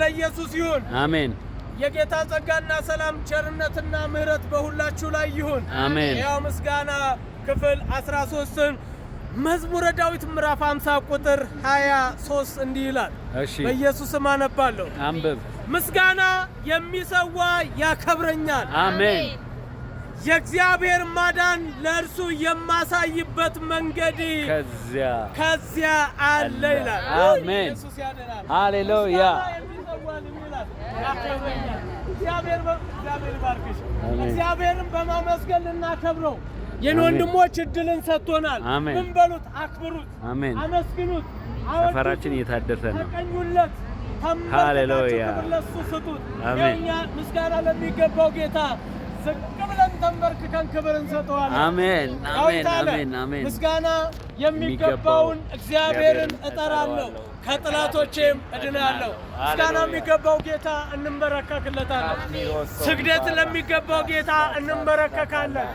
ለኢየሱስ ይሁን። አሜን። የጌታ ጸጋና ሰላም ቸርነትና ምሕረት በሁላችሁ ላይ ይሁን። አሜን። ያው ምስጋና ክፍል 13ን መዝሙረ ዳዊት ምዕራፍ 50 ቁጥር 23 እንዲህ ይላል። እሺ በኢየሱስም አነባለሁ። አንብብ። ምስጋና የሚሰዋ ያከብረኛል። አሜን። የእግዚአብሔር ማዳን ለእርሱ የማሳይበት መንገድ ከዚያ ከዚያ አለ ይላል። አሜን። ኢየሱስ ያድናል። ሃሌሉያ ናት። እግዚአብሔር ባርክሽ። እግዚአብሔርን በማመስገን ልናከብረው የኔ ወንድሞች እድልን ሰጥቶናል። ምን በሉት? አክብሩት፣ አመስግኑት። ሰፈራችን እየታደሰ ነው። ተቀኙለት፣ ሃሌሉያ። ለሱ ስጡት። የእኛ ምስጋና ለሚገባው ጌታ ዝቅ ብለን ተንበርክከን ክብር እንሰጠዋለን። አሜን፣ አሜን፣ አሜን። ምስጋና የሚገባውን እግዚአብሔርን እጠራለሁ። ከጥላቶቼም እድናለሁ። ምስጋና የሚገባው ጌታ እንንበረከክለታለን። ስግደት ለሚገባው ጌታ እንንበረከካለን።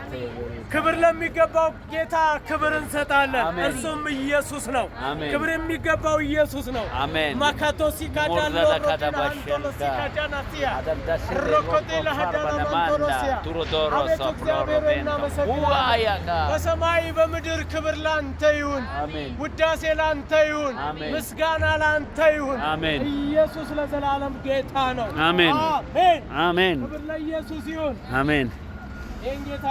ክብር ለሚገባው ጌታ ክብር እንሰጣለን። እርሱም ኢየሱስ ነው። ክብር የሚገባው ኢየሱስ ነው። ማካቶ በሰማይ በምድር ክብር ላንተ ይሁን፣ ውዳሴ ላንተ ይሁን ምስጋና ምስጋና ላንተ ይሁን። አሜን። ኢየሱስ ለዘላለም ጌታ ነው። አሜን፣ አሜን፣ አሜን። ክብር ለኢየሱስ ይሁን። አሜን። ይህን ጌታ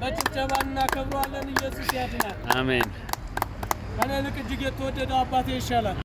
በጭብጨባ እናከብረዋለን። ኢየሱስ ያድናል። አሜን። ከኔ ይልቅ እጅግ የተወደደው አባቴ ይሻላል።